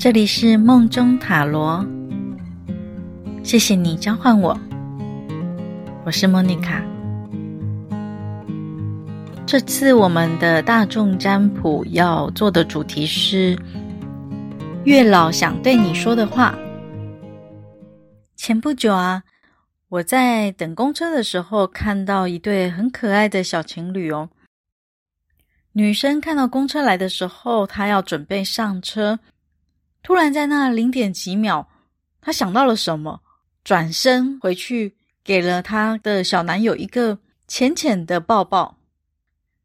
這裡是夢中塔羅，謝謝你召喚我，我是莫妮卡。這次我們的大眾占卜要做的主題是月老想對你說的話。前不久啊，我在等公車的時候，看到一對很可愛的小情侶哦。女生看到公車來的時候，她要準備上車。突然在那零點幾秒，她想到了什麼，轉身回去給了她的小男友一個淺淺的抱抱。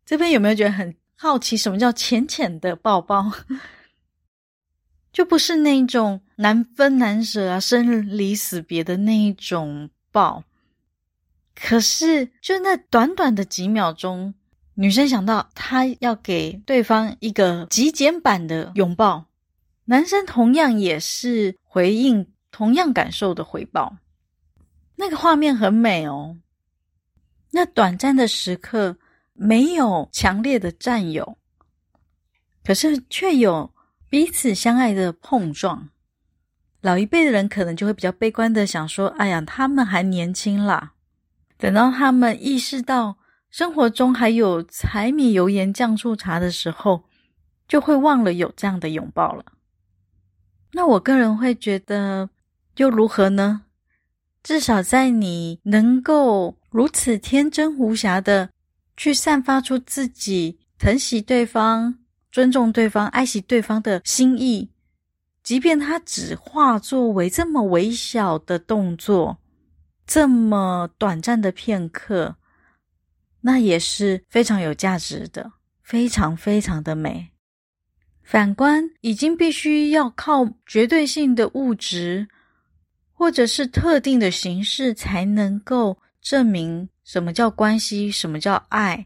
這邊有沒有覺得很好奇？什麼叫淺淺的抱抱？ 就不是那種難分難捨啊、生離死別的那一種抱。可是就那短短的幾秒鐘，女生想到她要給對方一個極簡版的擁抱。男生同樣也是回應同樣感受的回報，那個畫面很美哦。那短暫的時刻沒有強烈的占有，可是卻有彼此相愛的碰撞。老一輩的人可能就會比較悲觀的想說：“哎呀，他們還年輕啦。”等到他們意識到生活中還有柴米油鹽醬醋茶的時候，就會忘了有這樣的擁抱了。那我個人會覺得，又如何呢？至少在你能夠如此天真無瑕的去散發出自己疼惜對方、尊重對方、愛惜對方的心意，即便他只化作為這麼微小的動作，這麼短暫的片刻，那也是非常有價值的，非常非常的美。反觀，已經必須要靠絕對性的物質，或者是特定的形式，才能夠證明什麼叫關係，什麼叫愛。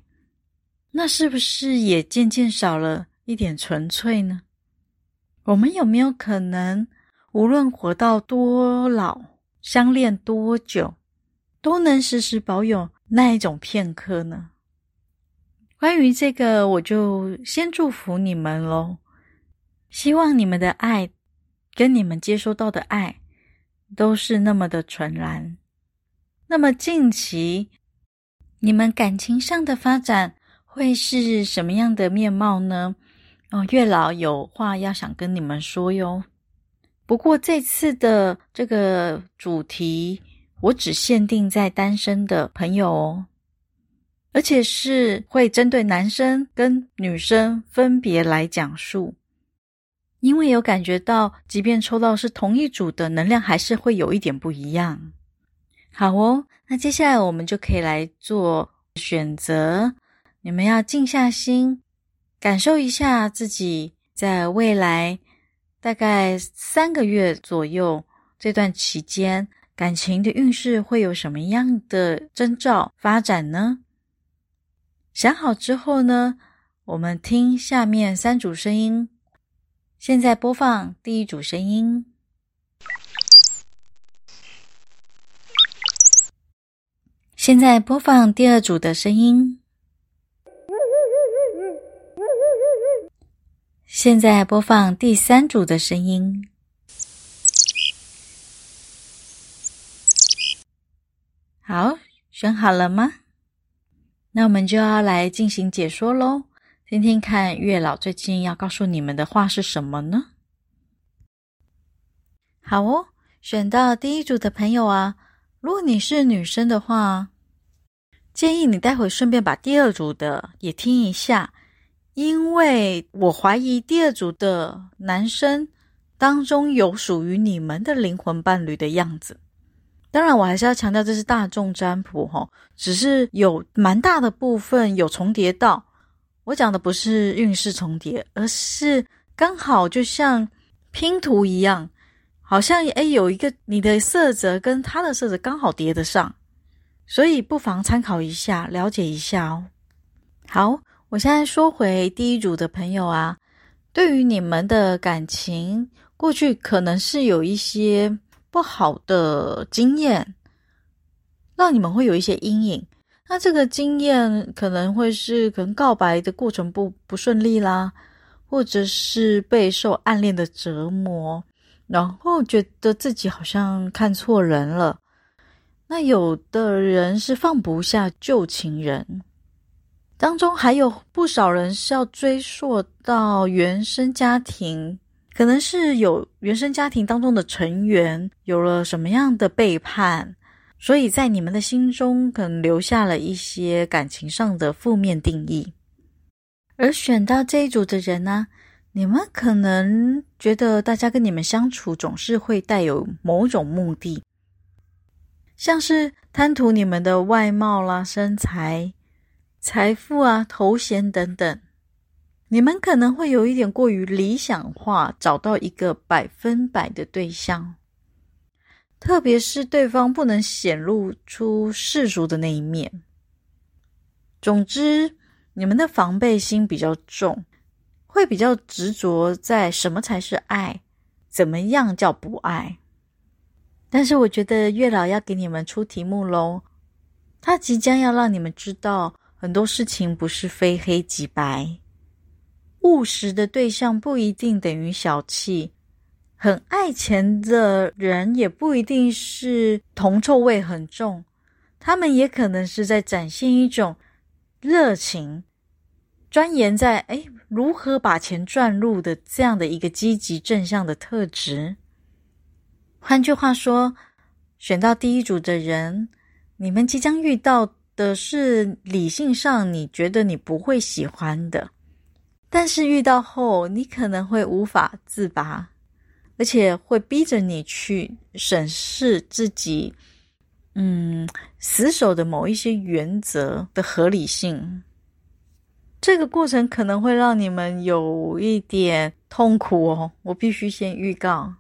那是不是也漸漸少了一點純粹呢？我們有沒有可能，無論活到多老，相戀多久，都能時時保有那一種片刻呢？關於這個，我就先祝福你們嘍。希望你們的愛跟你們接收到的愛都是那麼的純然。那麼近期你們感情上的發展會是什麼樣的面貌呢？哦，月老有話要想跟你們說喲。不過這次的這個主題，我只限定在單身的朋友哦，而且是會針對男生跟女生分別來講述。因為有感覺到，即便抽到是同一組的能量，還是會有一點不一樣。好哦，那接下來我們就可以來做選擇。你們要靜下心，感受一下自己在未來大概三個月左右，這段期間，感情的運勢會有什麼樣的徵兆發展呢？想好之後呢，我們聽下面三組聲音。現在播放第一組聲音。現在播放第二組的聲音。現在播放第三組的聲音。好，選好了嗎？那我們就要來進行解說囉。聽聽看月老最近要告訴你們的話是什麼呢？好哦，選到第一組的朋友啊，如果你是女生的話，建議你待會順便把第二組的也聽一下，因為我懷疑第二組的男生當中有屬於你們的靈魂伴侶的樣子。當然，我還是要強調，這是大眾占卜哈，只是有蠻大的部分有重疊到。我講的不是運勢重疊，而是剛好就像拼圖一樣，好像誒有一個你的色澤跟他的色澤剛好疊得上，所以不妨參考一下，了解一下哦。好，我現在說回第一組的朋友啊，對於你們的感情，過去可能是有一些不好的經驗，讓你們會有一些陰影。那這個經驗可能會是，可能告白的過程不不順利啦，或者是備受暗戀的折磨，然後覺得自己好像看錯人了。那有的人是放不下舊情人，當中還有不少人是要追溯到原生家庭，可能是有原生家庭當中的成員有了什麼樣的背叛。所以在你們的心中，可能留下了一些感情上的負面定義。而選到這一組的人呢、啊，你們可能覺得大家跟你們相處總是會帶有某種目的，像是貪圖你們的外貌啦、身材、財富啊、頭銜等等。你們可能會有一點過於理想化，找到一個百分百的對象。特別是對方不能顯露出世俗的那一面。總之，你們的防備心比較重，會比較執着在什麼才是愛，怎麼樣叫不愛。但是，我覺得月老要給你們出題目嘍，他即將要讓你們知道很多事情不是非黑即白，務實的對象不一定等於小氣。很愛錢的人也不一定是銅臭味很重，他們也可能是在展現一種熱情，鑽研在，誒，如何把錢賺入的這樣的一個積極正向的特質。換句話說，選到第一組的人，你們即將遇到的是理性上你覺得你不會喜歡的，但是遇到後，你可能會無法自拔。而且會逼着你去審視自己，嗯，死守的某一些原則的合理性。這個過程可能會讓你們有一點痛苦哦，我必須先預告。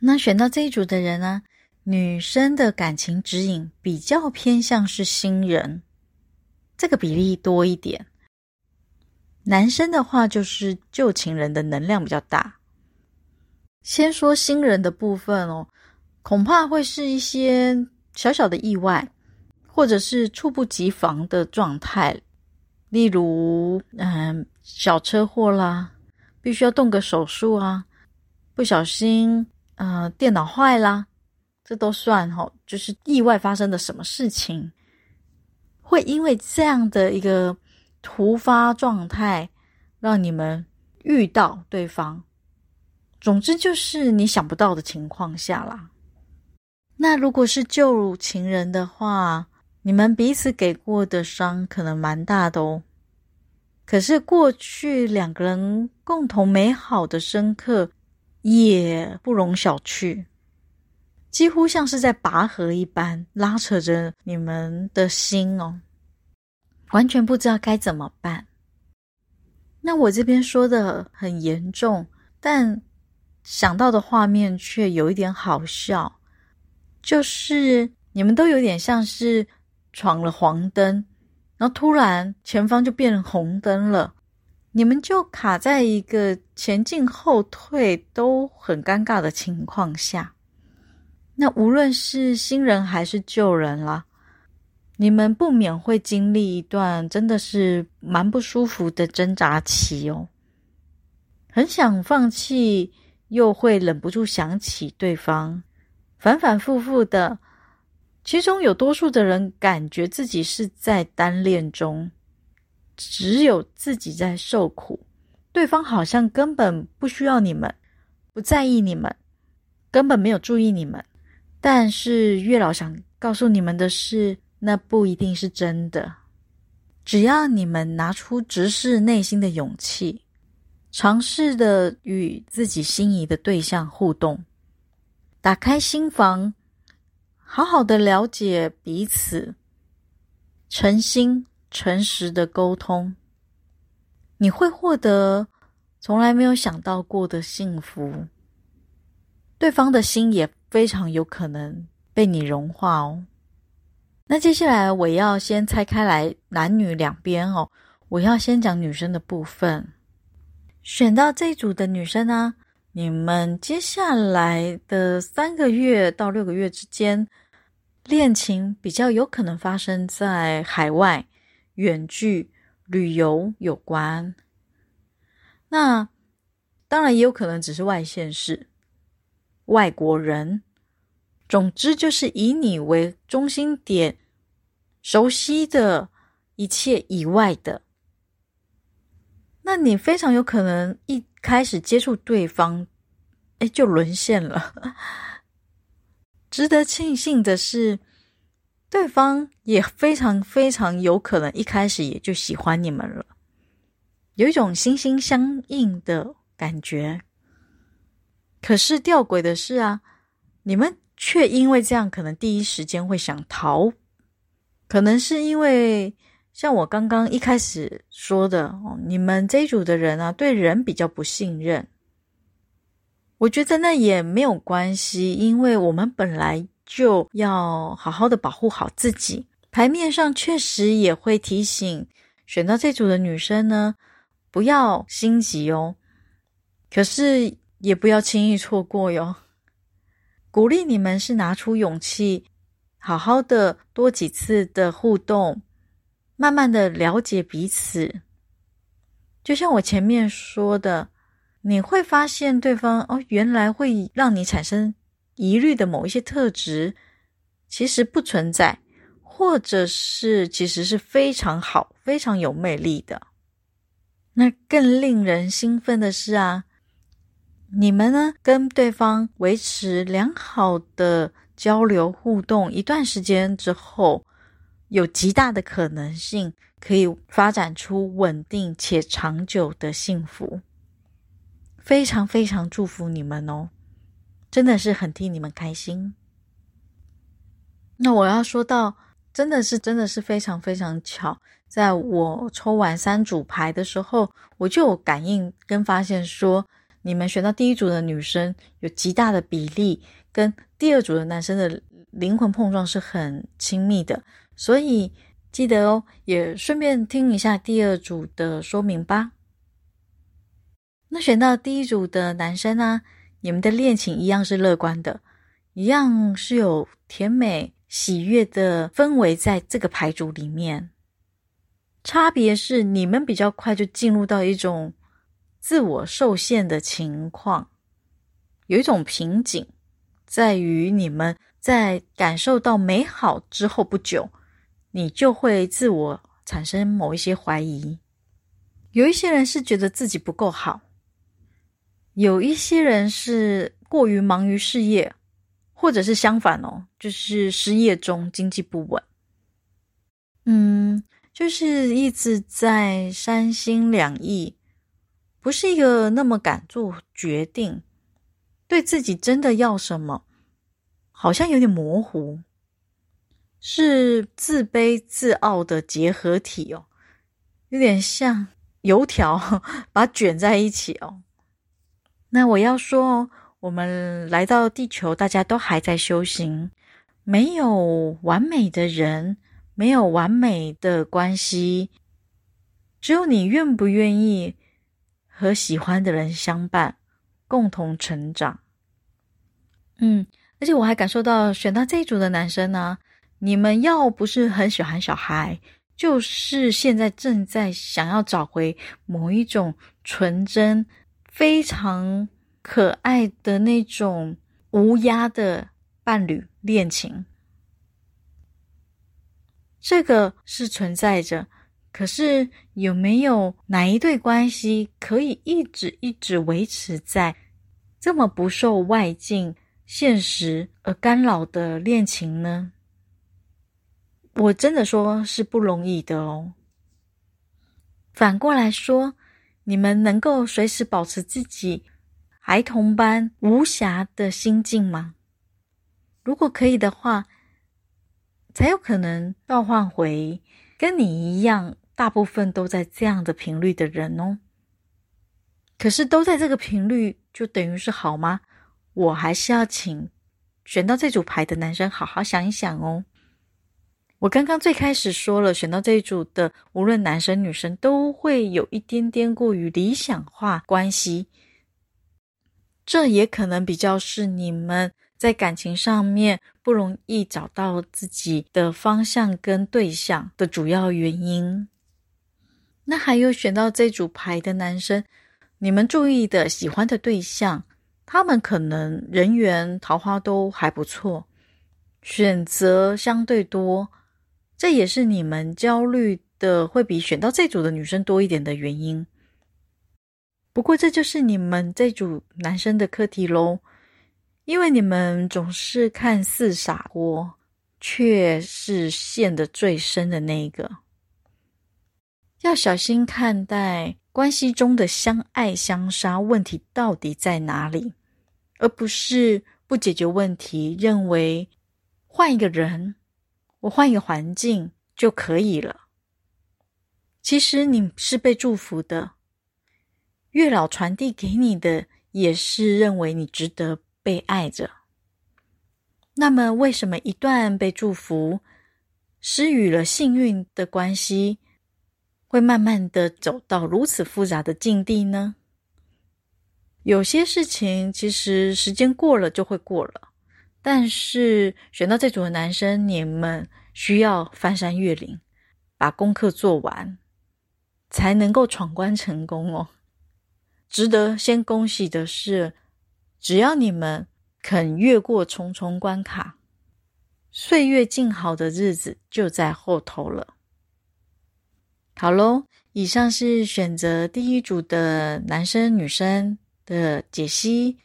那選到這一組的人呢，女生的感情指引比較偏向是新人，這個比例多一點。男生的話就是舊情人的能量比較大。先說新人的部分哦，恐怕會是一些小小的意外，或者是猝不及防的狀態，例如，嗯、呃，小車禍啦，必須要動個手術啊，不小心，呃，電腦壞啦，這都算吼、哦，就是意外發生的什麼事情，會因為這樣的一個突發狀態，讓你們遇到對方。總之就是你想不到的情況下啦。那如果是舊情人的話，你們彼此給過的傷可能蠻大的哦。可是過去兩個人共同美好的深刻也不容小覷，幾乎像是在拔河一般拉扯着你們的心哦，完全不知道該怎麼辦。那我這邊說的很嚴重，但。想到的畫面卻有一點好笑，就是你們都有點像是闖了黃燈，然後突然前方就變紅燈了，你們就卡在一個前進後退都很尷尬的情況下。那無論是新人還是舊人啦，你們不免會經歷一段真的是蠻不舒服的掙扎期哦，很想放棄。又會忍不住想起對方，反反复复的。其中有多數的人感覺自己是在單戀中，只有自己在受苦，對方好像根本不需要你們，不在意你們，根本沒有注意你們。但是月老想告訴你們的是，那不一定是真的。只要你們拿出直視內心的勇氣，嘗試的與自己心儀的對象互動，打開心房，好好的了解彼此，誠心誠實的溝通，你會獲得從來沒有想到過的幸福。對方的心也非常有可能被你融化哦。那接下來我要先拆開來，男女兩邊哦，我要先講女生的部分。選到這一組的女生呢、啊，你們接下來的三個月到六個月之間，戀情比較有可能發生在海外，遠距旅遊有關。那當然也有可能只是外縣市、外國人，總之就是以你為中心點，熟悉的一切以外的。那你非常有可能一開始接觸對方，哎，就淪陷了。值得慶幸的是，對方也非常非常有可能一開始也就喜歡你們了，有一種心心相印的感覺。可是吊詭的是啊，你們卻因為這樣可能第一時間會想逃，可能是因為。像我剛剛一開始說的哦，你們這一組的人啊，對人比較不信任。我覺得那也沒有關係，因為我們本來就要好好的保護好自己。牌面上確實也會提醒選到這組的女生呢，不要心急哦，可是也不要輕易錯過喲。鼓勵你們是拿出勇氣，好好的多幾次的互動。慢慢的了解彼此，就像我前面說的，你會發現對方哦，原來會讓你產生疑慮的某一些特質，其實不存在，或者是其實是非常好、非常有魅力的。那更令人興奮的是啊，你們呢，跟對方維持良好的交流互動一段時間之後。有極大的可能性可以發展出穩定且長久的幸福，非常非常祝福你們哦！真的是很替你們開心。那我要說到，真的是真的是非常非常巧，在我抽完三組牌的時候，我就有感應跟發現說，你們選到第一組的女生有極大的比例，跟第二組的男生的靈魂碰撞是很親密的。所以記得哦，也順便聽一下第二組的說明吧。那選到第一組的男生啊，你們的戀情一樣是樂觀的，一樣是有甜美喜悅的氛圍在這個牌組裡面。差別是你們比較快就進入到一種自我受限的情況，有一種瓶頸，在於你們在感受到美好之後不久。你就會自我產生某一些懷疑，有一些人是覺得自己不夠好，有一些人是過於忙於事業，或者是相反哦，就是失業中，經濟不穩，嗯，就是一直在三心兩意，不是一個那麼敢做決定，對自己真的要什麼，好像有點模糊。是自卑自傲的結合體哦，有點像油條把它捲在一起哦。那我要說，我們來到地球，大家都還在修行，沒有完美的人，沒有完美的關係，只有你願不願意和喜歡的人相伴，共同成長。嗯，而且我還感受到選到這一組的男生呢、啊。你們要不是很喜歡小孩，就是現在正在想要找回某一種純真、非常可愛的那種無壓力的伴侶戀情。這個是存在着，可是有沒有哪一對關係可以一直一直維持在這麼不受外境、現實而干擾的戀情呢？我真的說是不容易的哦。反過來說，你們能夠隨時保持自己孩童般無瑕的心境嗎？如果可以的話，才有可能召喚回跟你一樣大部分都在這樣的頻率的人哦。可是都在這個頻率，就等於是好嗎？我還是要請選到這組牌的男生好好想一想哦。我剛剛最開始說了，選到這一組的，無論男生女生都會有一點點過於理想化關係，這也可能比較是你們在感情上面不容易找到自己的方向跟對象的主要原因。那還有選到這組牌的男生，你們注意的喜歡的對象，他們可能人緣桃花都還不錯，選擇相對多。這也是你們焦慮的會比選到這組的女生多一點的原因。不過，這就是你們這組男生的課題嘍，因為你們總是看似傻瓜，卻是陷得最深的那一個。要小心看待關係中的相愛相殺問題到底在哪裡，而不是不解決問題，認為換一個人。我換一個環境就可以了。其實你是被祝福的，月老傳遞給你的也是認為你值得被愛着。那麼，為什麼一段被祝福、施予了幸運的關係，會慢慢地走到如此複雜的境地呢？有些事情，其實時間過了就會過了。但是選到這組的男生，你們需要翻山越嶺，把功課做完，才能夠闖關成功哦。值得先恭喜的是，只要你們肯越過重重關卡，歲月靜好的日子就在後頭了。好嘍，以上是選擇第一組的男生女生的解析。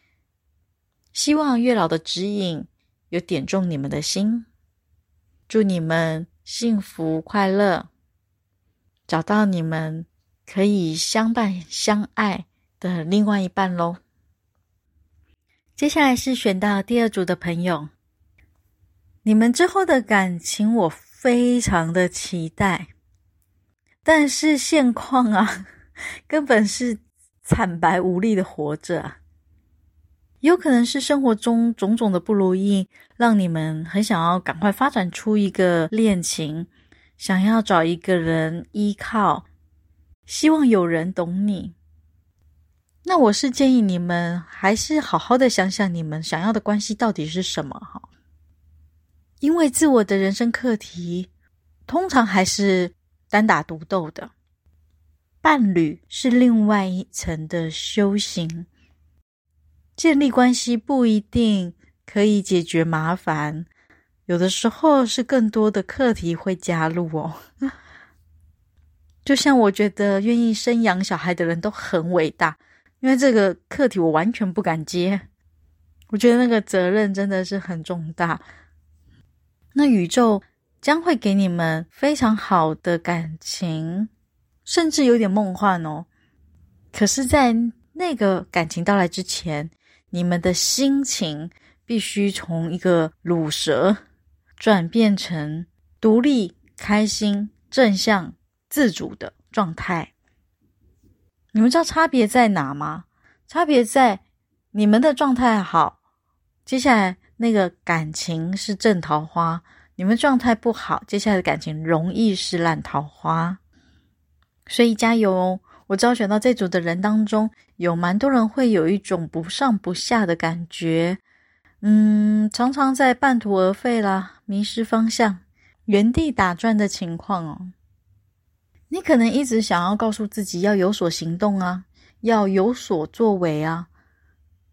希望月老的指引有點中你們的心，祝你們幸福快樂，找到你們可以相伴相愛的另外一半嘍。接下來是選到第二組的朋友，你們之後的感情我非常的期待，但是現況啊，根本是慘白無力的活着啊。有可能是生活中種種的不如意，讓你們很想要趕快發展出一個戀情，想要找一個人依靠，希望有人懂你。那我是建議你們還是好好的想想你們想要的關係到底是什麼哈，因為自我的人生課題通常還是單打獨鬥的，伴侶是另外一層的修行。建立關係不一定可以解決麻煩，有的時候是更多的課題會加入哦。 就像我覺得，願意生養小孩的人都很偉大，因為這個課題我完全不敢接，我覺得那個責任真的是很重大。那宇宙將會給你們非常好的感情，甚至有點夢幻哦。可是，在那個感情到來之前，你們的心情必須從一個魯蛇轉變成獨立、開心、正向、自主的狀態。你們知道差別在哪嗎？差別在你們的狀態好，接下來那個感情是正桃花；你們狀態不好，接下來的感情容易是爛桃花。所以加油哦！我挑選到這組的人當中，有蠻多人會有一種不上不下的感覺，嗯，常常在半途而廢啦、迷失方向、原地打轉的情況哦。你可能一直想要告訴自己要有所行動啊，要有所作為啊，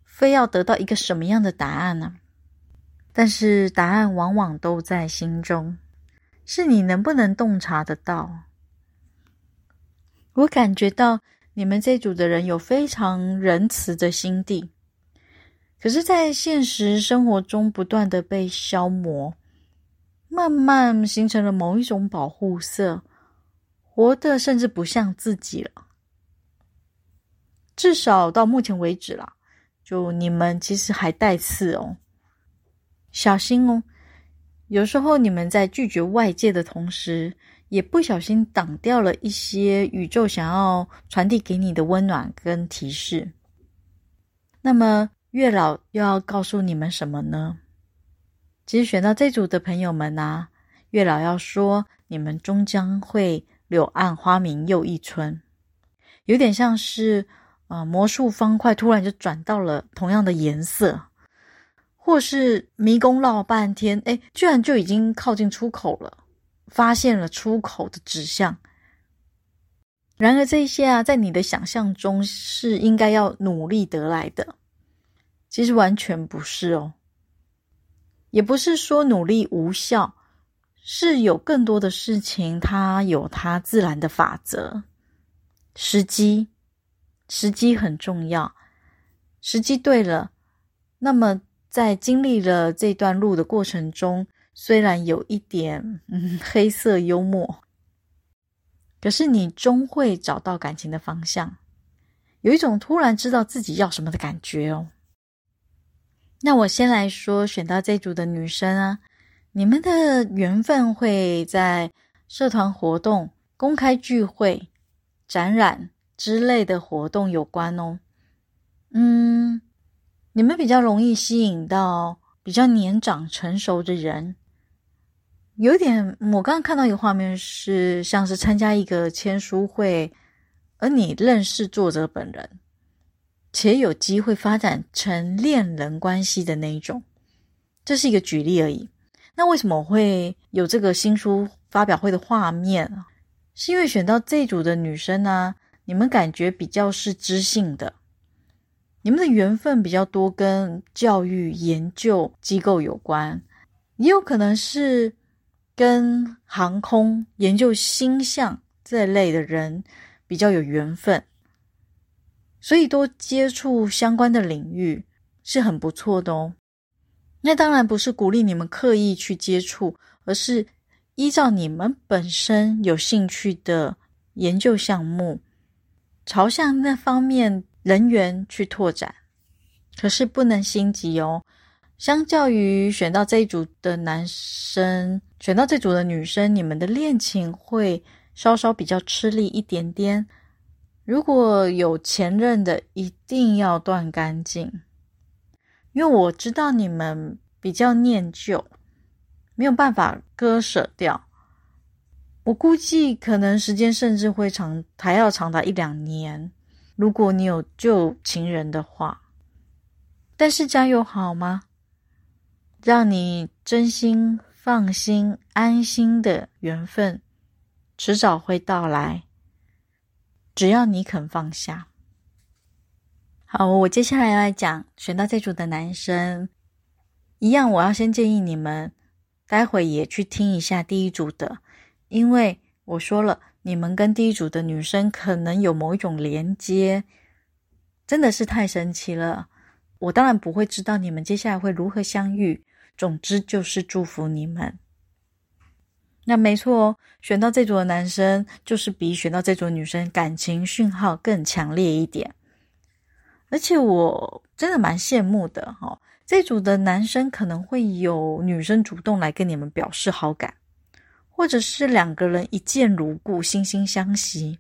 非要得到一個什麼樣的答案呢，啊？但是答案往往都在心中，是你能不能洞察得到？我感覺到你們這組的人有非常仁慈的心地，可是，在現實生活中不斷的被消磨，慢慢形成了某一種保護色，活得甚至不像自己了。至少到目前為止了，就你們其實還帶刺哦，小心哦。有時候你們在拒絕外界的同時，也不小心擋掉了一些宇宙想要傳遞給你的溫暖跟提示。那麼月老又要告訴你們什麼呢？其實選到這組的朋友們啊，月老要說你們終將會柳暗花明又一村，有點像是啊、呃、魔術方塊突然就轉到了同樣的顏色，或是迷宮繞半天，哎，居然就已經靠近出口了。發現了出口的指向，然而這些啊，在你的想象中是應該要努力得來的，其實完全不是哦，也不是說努力無效，是有更多的事情，它有它自然的法則，時機，時機很重要，時機對了，那麼在經歷了這段路的過程中。雖然有一點，嗯，黑色幽默，可是你終會找到感情的方向，有一種突然知道自己要什麼的感覺哦。那我先來說選到這組的女生啊，你們的緣分會在社團活動、公開聚會、展覽之類的活動有關哦。嗯，你們比較容易吸引到比較年長成熟的人。有一點，我剛剛看到一個畫面，是像是參加一個簽書會，而你認識作者本人，且有機會發展成戀人關係的那一種，這是一個舉例而已。那為什麼會有這個新書發表會的畫面啊？是因為選到這組的女生呢、啊，你們感覺比較是知性的，你們的緣分比較多跟教育研究機構有關，也有可能是。跟航空、研究星象這類的人比較有緣分，所以多接觸相關的領域是很不錯的哦。那當然不是鼓勵你們刻意去接觸，而是依照你們本身有興趣的研究項目，朝向那方面人員去拓展。可是不能心急哦。相較於選到這一組的男生，選到這組的女生，你們的戀情會稍稍比較吃力一點點。如果有前任的，一定要斷乾淨，因為我知道你們比較念舊，沒有辦法割捨掉。我估計可能時間甚至會長，還要長達一兩年。如果你有舊情人的話，但是加油好嗎？讓你真心、放心、安心的緣分，遲早會到來。只要你肯放下。好，我接下來來講選到這組的男生，一樣，我要先建議你們，待會也去聽一下第一組的，因為我說了，你們跟第一組的女生可能有某一種連接，真的是太神奇了。我當然不會知道你們接下來會如何相遇。總之就是祝福你們。那沒錯，選到這組的男生，就是比選到這組的女生感情訊號更強烈一點。而且我真的蠻羨慕的，哦，這組的男生可能會有女生主動來跟你們表示好感，或者是兩個人一見如故，惺惺相惜。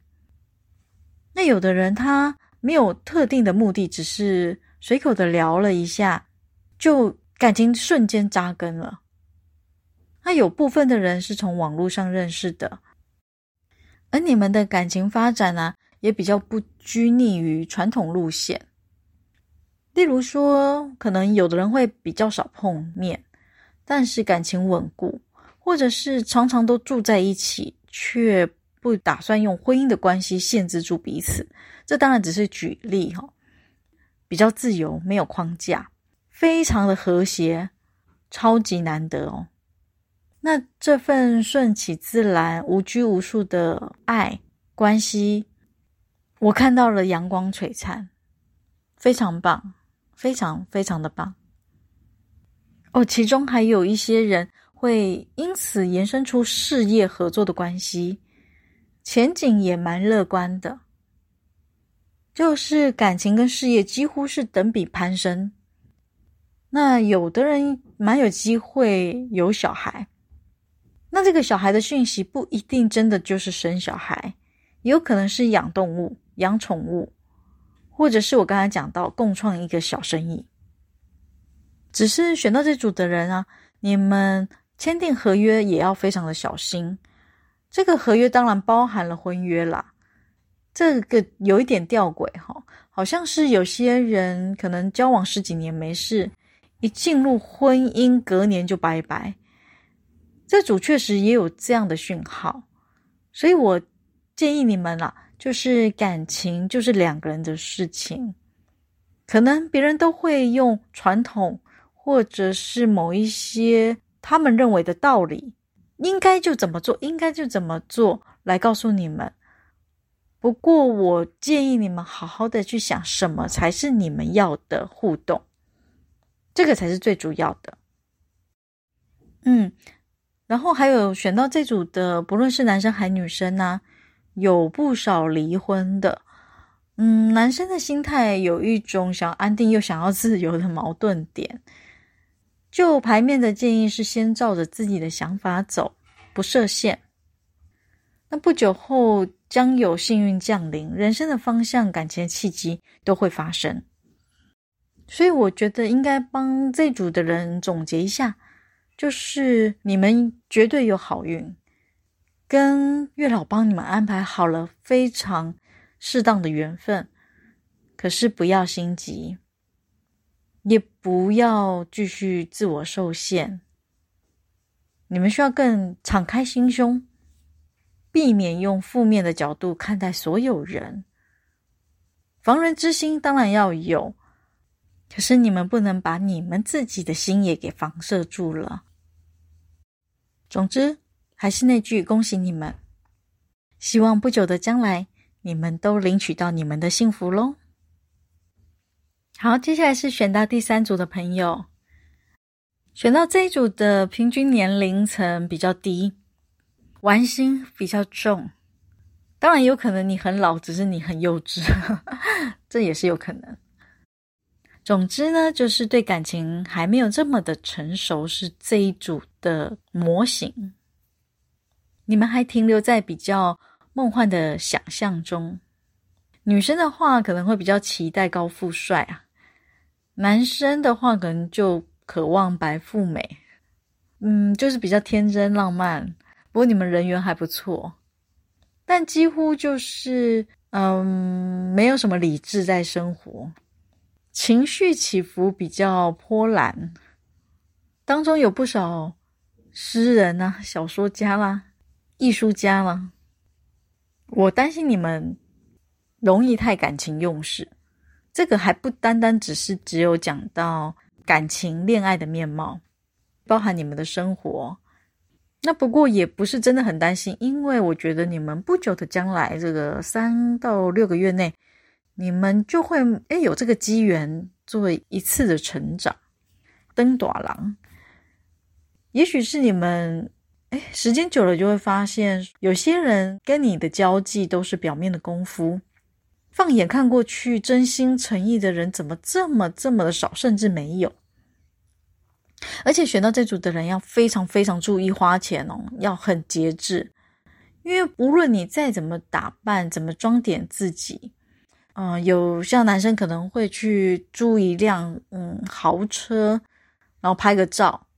那有的人他沒有特定的目的，只是隨口的聊了一下，就。感情瞬間扎根了。那、啊、有部分的人是從網絡上認識的，而你們的感情發展呢、啊，也比較不拘泥於傳統路線。例如說，可能有的人會比較少碰面，但是感情穩固，或者是常常都住在一起，卻不打算用婚姻的關係限制住彼此。這當然只是舉例哈、哦，比較自由，沒有框架。非常的和諧，超級難得哦。那這份順其自然、無拘無束的愛關係，我看到了陽光璀璨，非常棒，非常非常的棒。哦，其中還有一些人會因此延伸出事業合作的關係，前景也蠻樂觀的。就是感情跟事業幾乎是等比攀升。那有的人蠻有機會有小孩，那這個小孩的訊息不一定真的就是生小孩，有可能是養動物、養寵物，或者是我剛才講到共創一個小生意。只是選到這組的人啊，你們簽訂合約也要非常的小心。這個合約當然包含了婚約啦，這個有一點吊詭哈，好像是有些人可能交往十幾年沒事。一進入婚姻，隔年就拜拜。這組確實也有這樣的訊號，所以我建議你們啦、啊，就是感情就是兩個人的事情，可能別人都會用傳統或者是某一些他們認為的道理，應該就怎麼做，應該就怎麼做來告訴你們。不過我建議你們好好的去想，什麼才是你們要的互動。這個才是最主要的，嗯，然後還有選到這組的，不論是男生還女生呢、啊，有不少離婚的，嗯，男生的心態有一種想安定又想要自由的矛盾點。就牌面的建議是先照着自己的想法走，不設限。那不久後將有幸運降臨，人生的方向、感情的契機都會發生。所以我覺得應該幫這組的人總結一下，就是你們絕對有好運，跟月老幫你們安排好了非常適當的緣分。可是不要心急，也不要繼續自我受限。你們需要更敞開心胸，避免用負面的角度看待所有人。防人之心當然要有。可是你們不能把你們自己的心也給防射住了。總之，還是那句，恭喜你們！希望不久的將來，你們都領取到你們的幸福嘍。好，接下來是選到第三組的朋友。選到這一組的平均年齡層比較低，玩心比較重。當然，有可能你很老，只是你很幼稚， 這也是有可能。總之呢，就是對感情還沒有這麼的成熟，是這一組的模型。你們還停留在比較夢幻的想象中。女生的話可能會比較期待高富帥啊，男生的話可能就渴望白富美。嗯，就是比較天真浪漫。不過你們人緣還不錯，但幾乎就是嗯，沒有什麼理智在生活。情緒起伏比較波瀾，當中有不少詩人啊、小說家啦、藝術家啦。我擔心你們容易太感情用事，這個還不單單只是只有講到感情、戀愛的面貌，包含你們的生活。那不過也不是真的很擔心，因為我覺得你們不久的將來，這個三到六個月內。你們就會哎有這個機緣做一次的成長，燈短廊。也許是你們哎時間久了就會發現，有些人跟你的交際都是表面的功夫，放眼看過去，真心誠意的人怎麼這麼這麼的少，甚至沒有。而且選到這組的人要非常非常注意花錢哦，要很節制，因為無論你再怎麼打扮，怎麼裝點自己。嗯，有像男生可能會去租一輛嗯豪車，然後拍個照，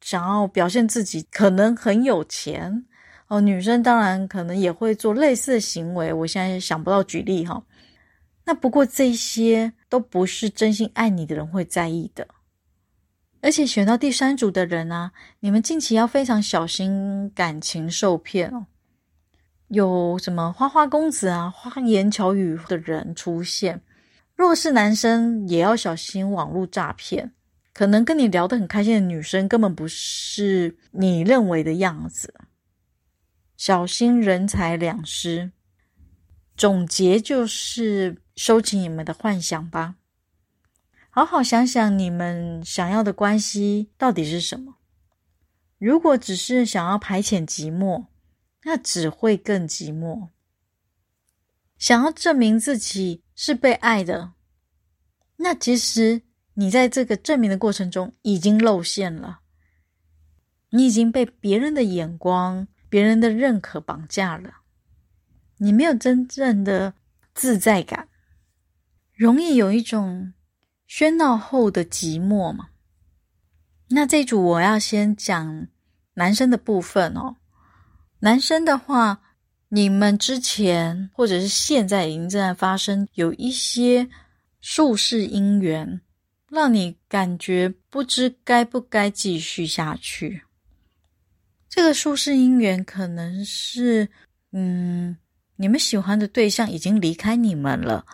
想要表現自己可能很有錢哦。女生當然可能也會做類似的行為，我現在也想不到舉例哈。那不過這些都不是真心愛你的人會在意的，而且選到第三組的人啊，你們近期要非常小心感情受騙哦。有什麼花花公子啊、花言巧語的人出現，若是男生也要小心網絡詐騙，可能跟你聊得很開心的女生根本不是你認為的樣子，小心人財兩失。總結就是，收起你們的幻想吧，好好想想你們想要的關係到底是什麼。如果只是想要排遣寂寞，那只會更寂寞。想要證明自己是被愛的，那其實你在這個證明的過程中已經露餡了。你已經被別人的眼光、別人的認可綁架了，你沒有真正的自在感，容易有一種喧鬧後的寂寞嘛。那這一組我要先講男生的部分哦。男生的話，你們之前或者是現在已經正在發生有一些宿世姻緣，讓你感覺不知該不該繼續下去。這個宿世姻緣可能是，嗯，你們喜歡的對象已經離開你們了，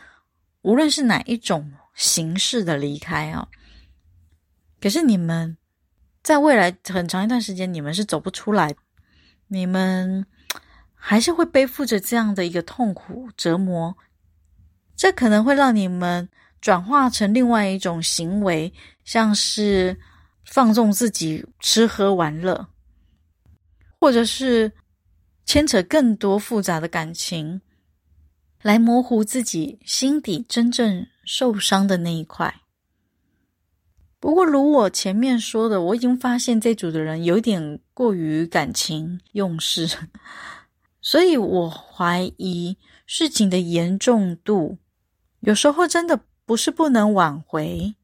無論是哪一種形式的離開啊。可是你們在未來很長一段時間，你們是走不出來的。你們還是會背負着這樣的一個痛苦折磨，這可能會讓你們轉化成另外一種行為，像是放縱自己吃喝玩樂，或者是牽扯更多複雜的感情，來模糊自己心底真正受傷的那一塊。不過，如我前面說的，我已經發現這組的人有點過於感情用事，所以我懷疑事情的嚴重度。有時候真的不是不能挽回，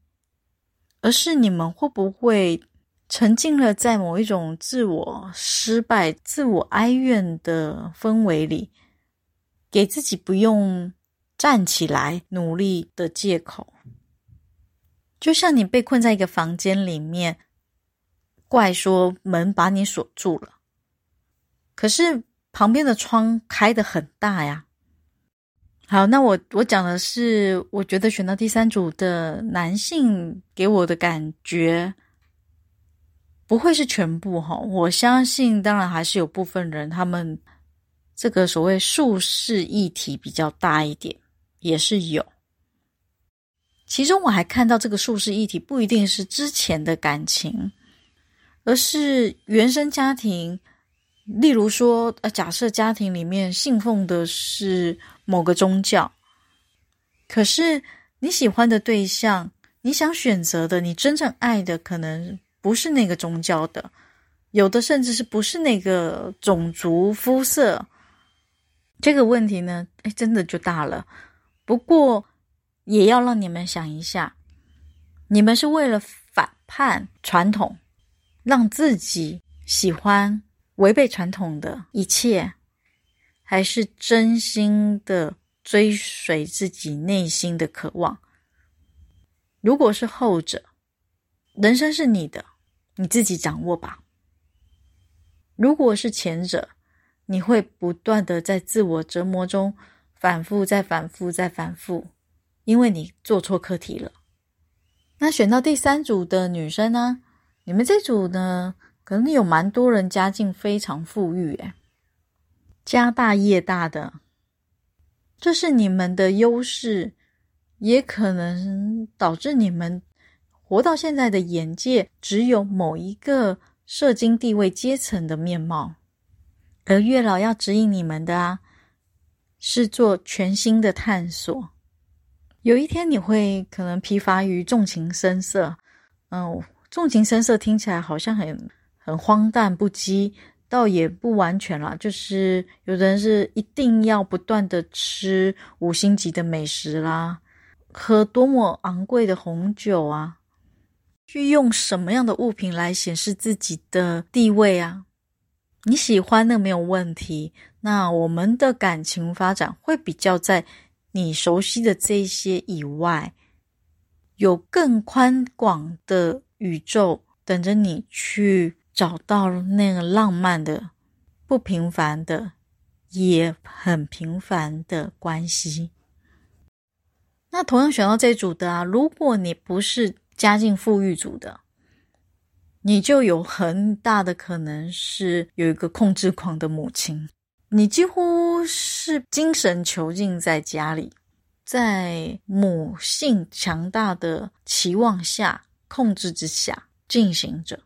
而是你們會不會沉浸了在某一種自我失敗、自我哀怨的氛圍裡，給自己不用站起來努力的借口。就像你被困在一個房間裡面，怪說門把你鎖住了，可是旁邊的窗開得很大呀。好，那我我講的是，我覺得選到第三組的男性給我的感覺不會是全部哈，我相信，當然還是有部分人，他們這個所謂術式議題比較大一點，也是有。其中我還看到，這個術士議題，不一定是之前的感情，而是原生家庭。例如說，呃，假設家庭裡面信奉的是某個宗教，可是你喜歡的對象、你想選擇的、你真正愛的，可能不是那個宗教的，有的甚至是不是那個種族膚色。這個問題呢，哎，真的就大了。不過。也要讓你們想一下，你們是為了反叛傳統，讓自己喜歡違背傳統的一切，還是真心的追隨自己內心的渴望？如果是後者，人生是你的，你自己掌握吧。如果是前者，你會不斷的在自我折磨中反覆，再反覆，再反覆。因為你做錯課題了。那選到第三組的女生呢，啊？你們這組呢，可能有蠻多人家境非常富裕，欸，誒。家大業大的，這是你們的優勢，也可能導致你們活到現在的眼界只有某一個社經地位階層的面貌。而月老要指引你們的啊，是做全新的探索。有一天你會可能疲乏於縱情聲色，嗯、呃，縱情聲色聽起來好像很很荒誕不羈，倒也不完全啦。就是有的人是一定要不斷的吃五星級的美食啦，喝多麼昂貴的紅酒啊，去用什麼樣的物品來顯示自己的地位啊？你喜歡那沒有問題。那我們的感情發展會比較在。你熟悉的這些以外，有更寬廣的宇宙等着你去找到那個浪漫的、不平凡的、也很平凡的關係。那同樣選到這組的啊，如果你不是家境富裕組的，你就有很大的可能是有一個控制狂的母親。你幾乎是精神囚禁在家裡，在母性強大的期望下、控制之下進行着。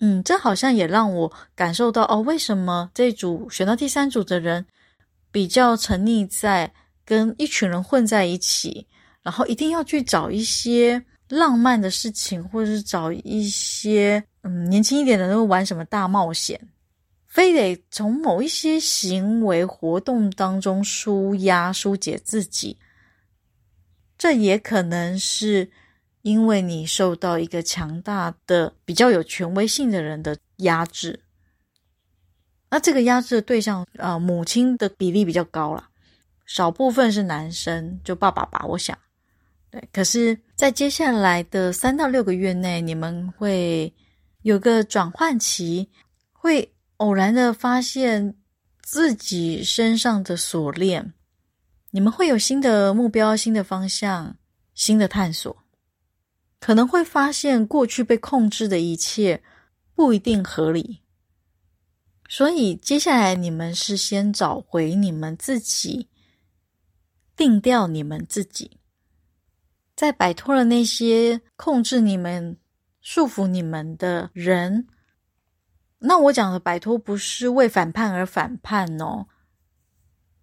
嗯，這好像也讓我感受到哦，為什麼這組選到第三組的人比較沉溺在跟一群人混在一起，然後一定要去找一些浪漫的事情，或者是找一些嗯年輕一點的人都玩什麼大冒險。非得從某一些行為活動當中紓壓、紓解自己，這也可能是因為你受到一個強大的、比較有權威性的人的壓制。那這個壓制的對象，呃，母親的比例比較高啦，少部分是男生，就爸爸吧，我想。對，可是，在接下來的三到六個月內，你們會有個轉換期，會。偶然的發現自己身上的鎖鏈，你們會有新的目標、新的方向、新的探索，可能會發現過去被控制的一切不一定合理，所以接下來你們是先找回你們自己，定調你們自己，再擺脫了那些控制你們、束縛你們的人。那我講的擺脫不是為反叛而反叛哦，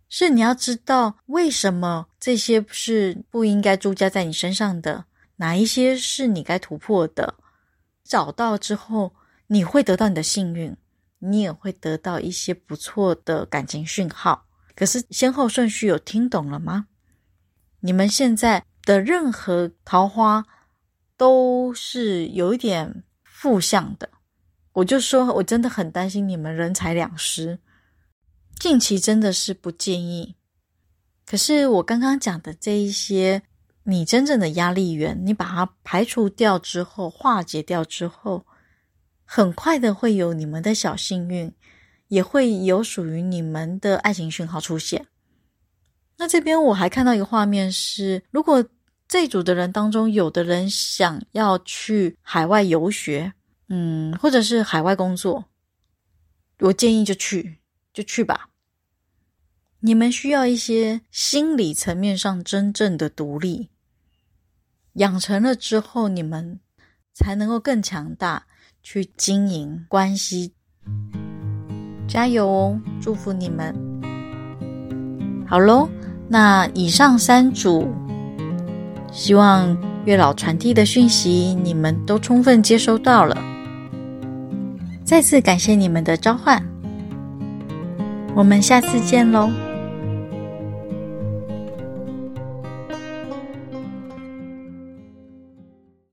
是你要知道為什麼這些是不應該附加在你身上的，哪一些是你該突破的，找到之後你會得到你的幸運，你也會得到一些不錯的感情訊號。可是先後順序有聽懂了嗎？你們現在的任何桃花都是有一點負向的。我就說，我真的很擔心你們人財兩失。近期真的是不建議。可是我剛剛講的這一些，你真正的壓力源，你把它排除掉之後，化解掉之後，很快的會有你們的小幸運，也會有屬於你們的愛情訊號出現。那這邊我還看到一個畫面是，如果這組的人當中，有的人想要去海外遊學。嗯，或者是海外工作，我建議就去就去吧。你們需要一些心理層面上真正的獨立，養成了之後，你們才能夠更強大去經營關係。加油哦，祝福你們。好咯，那以上三組，希望月老傳遞的訊息你們都充分接收到了。再次感謝你們的召喚，我們下次見嘍。